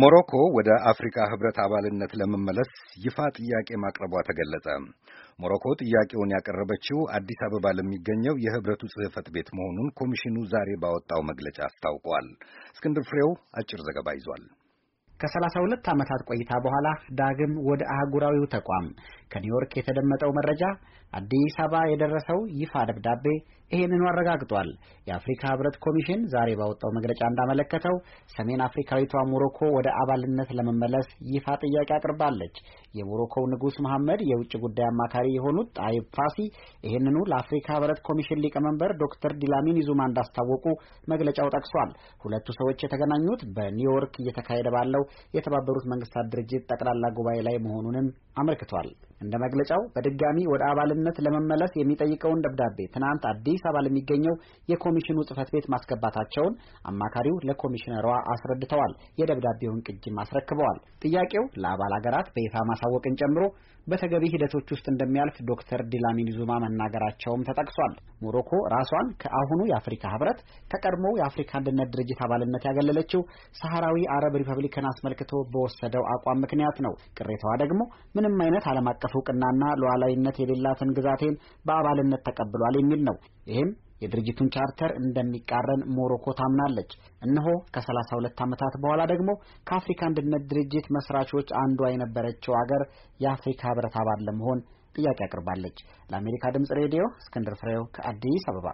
ሞሮኮ ወደ አፍሪካ ህብረት አባልነት ለመመለስ ይፋ ጥያቄ ማቅረቧ ተገለጸ። ሞሮኮ ጥያቄውን ያቀረበችው አዲስ አበባ ለሚገኘው የህብረቱ ጽህፈት ቤት መሆኑን ኮሚሽኑ ዛሬ ባወጣው መግለጫ አስታውቋል። እስክንድር ፍሬው አጭር ዘገባ ይዟል። ከ32 ዓመታት ቆይታ በኋላ ዳግም ወደ አህጉራዊው ተቋም ከኒውዮርክ የተደመጠው መረጃ አዲስ አበባ የደረሰው ይፋ ደብዳቤ ይህንኑ አረጋግጧል። የአፍሪካ ህብረት ኮሚሽን ዛሬ ባወጣው መግለጫ እንዳመለከተው ሰሜን አፍሪካዊቷ ሞሮኮ ወደ አባልነት ለመመለስ ይፋ ጥያቄ አቅርባለች። የሞሮኮው ንጉሥ መሐመድ የውጭ ጉዳይ አማካሪ የሆኑት ጣይብ ፋሲ ይህንኑ ለአፍሪካ ህብረት ኮሚሽን ሊቀመንበር ዶክተር ዲላሚን ይዙማ እንዳስታወቁ መግለጫው ጠቅሷል። ሁለቱ ሰዎች የተገናኙት በኒውዮርክ እየተካሄደ ባለው የተባበሩት መንግስታት ድርጅት ጠቅላላ ጉባኤ ላይ መሆኑንም አመልክቷል። እንደ መግለጫው በድጋሚ ወደ አባልነት ለመመለስ የሚጠይቀውን ደብዳቤ ትናንት አዲስ አበባ ለሚገኘው የኮሚሽኑ ጽህፈት ቤት ማስገባታቸውን አማካሪው ለኮሚሽነሯ አስረድተዋል። የደብዳቤውን ቅጅም አስረክበዋል። ጥያቄው ለአባል አገራት በይፋ ማሳወቅን ጨምሮ በተገቢ ሂደቶች ውስጥ እንደሚያልፍ ዶክተር ዲላሚን ዙማ መናገራቸውም ተጠቅሷል። ሞሮኮ ራሷን ከአሁኑ የአፍሪካ ህብረት ከቀድሞው የአፍሪካ አንድነት ድርጅት አባልነት ያገለለችው ሰሐራዊ አረብ ሪፐብሊክን አስመልክቶ በወሰደው አቋም ምክንያት ነው። ቅሬታዋ ደግሞ ምንም አይነት ዓለም አቀፍ እውቅናና ሉዓላዊነት የሌላትን ግዛቴን በአባልነት ተቀብሏል የሚል ነው። ይህም የድርጅቱን ቻርተር እንደሚቃረን ሞሮኮ ታምናለች። እነሆ ከሰላሳ ሁለት ዓመታት በኋላ ደግሞ ከአፍሪካ አንድነት ድርጅት መስራቾች አንዷ የነበረችው አገር የአፍሪካ ህብረት አባል ለመሆን ጥያቄ አቅርባለች። ለአሜሪካ ድምፅ ሬዲዮ እስክንድር ፍሬው ከአዲስ አበባ